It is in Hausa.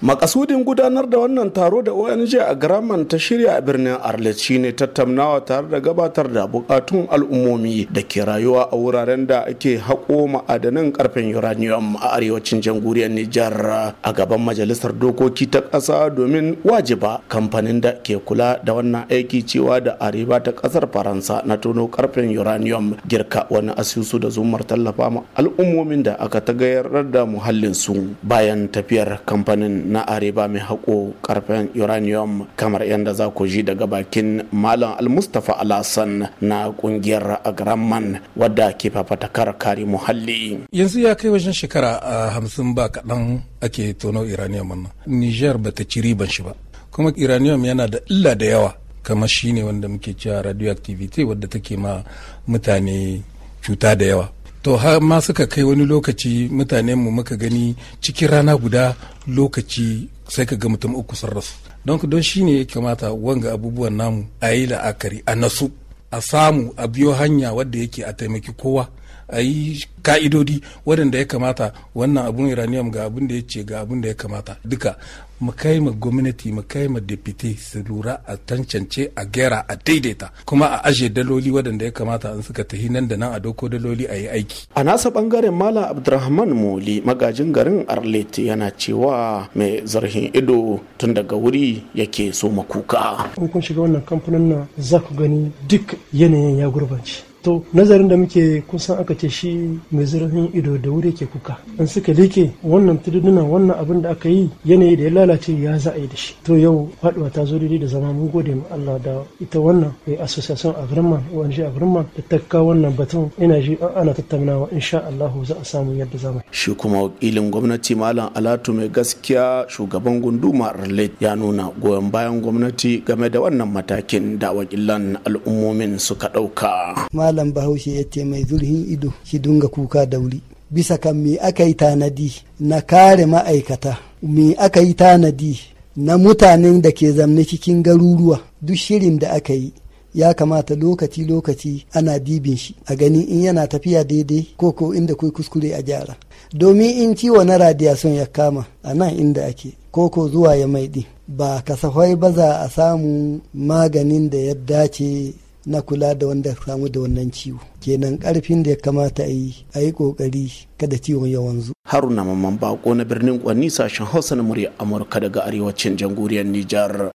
makasudin gudanar da wannan taro da ong a Garaman ta shirya a birnin arlet shine tattaunawa tare da gabatar da bukatun al'ummomi da ke rayuwa a wuraren da ake haƙo ma'adanan karfin uranium a arewacin jamhuriyar nijar a gaban majalisar dokoki ta ƙasa domin wajiba kamfanin da ke kula da wannan aiki cewa da arewa ta ƙasar faransa na tono karfin uranium girka wani asusu da zumar tallafa ma al'ummomin da aka tagayar da muhallin su bayan tafiyar kamfanin na areba mai haƙo karfen uranium kamar yadda za ku ji daga bakin malam almustafa alasan na ƙungiyar agraman wadda ke fafatakar kari muhalli yanzu ya kai wajen shekara hamsin ba kaɗan ake tono uranium nan niger ba ta ci riban shi ba kuma uranium yana da illa da yawa kamar shine wanda muke cewa radioactivity wadda take ma mutane cuta da yawa to har ma suka kai wani lokaci mutanen mu muka gani cikin rana guda lokaci sai ka ga mutum uku sun rasu don don shi ne ya kamata wanga abubuwan namu a yi la'akari a nasu a samu a biyo hanya wadda yake a taimaki kowa a yi ka'idodi waɗanda ya kamata wannan abun iraniyam ga abun da ya ce ga abun da ya kamata duka mu gwamnati mu ma deputy su lura a tancance a gera a daidaita kuma a ajiye daloli waɗanda ya kamata an suka tafi nan da nan a doko daloli a yi aiki a nasa bangaren mala abdurrahman moli magajin garin arlet yana cewa mai zarhin ido tun daga wuri yake so makuka kun shiga wannan kamfanin na za ku gani duk yanayin ya gurbanci to nazarin da muke kusan aka ce shi mai zurfin ido da wuri ke kuka in suka leke wannan tudunan wannan abin da aka yi yanayi da ya lalace ya za a yi da shi to yau faduwa ta zo daidai da zama mun gode ma Allah da ita wannan eh, association agreement wani agreement da ta kawo wannan batun ina ji ana tattaunawa insha Allah za a samu yadda zama shi kuma wakilin gwamnati malam Alatu mai gaskiya shugaban gunduma Arlet ya nuna goyon bayan gwamnati game da wannan matakin da wakilan al'ummomin suka dauka malam bahaushe ya ce mai zurhin ido shi dunga kuka da wuri bisa kan me aka yi tanadi na kare ma'aikata me aka yi tanadi na mutanen da ke zamne cikin garuruwa duk shirin da aka yi ya kamata lokaci-lokaci ana dibin shi a gani in yana tafiya daidai ko ko inda kai kuskure a gyara domin in ciwo na radiyason ya kama a nan inda ake ko ko zuwa ya maiɗi ba kasafai ba za a samu maganin da ya dace na kula da wanda samu da wannan ciwo kenan karfin da ya kamata a yi a yi kokari kada ciwon ya wanzu haruna mamman bako na birnin kwanni sashen hausa na murya amurka daga arewacin jamhuriyar nijar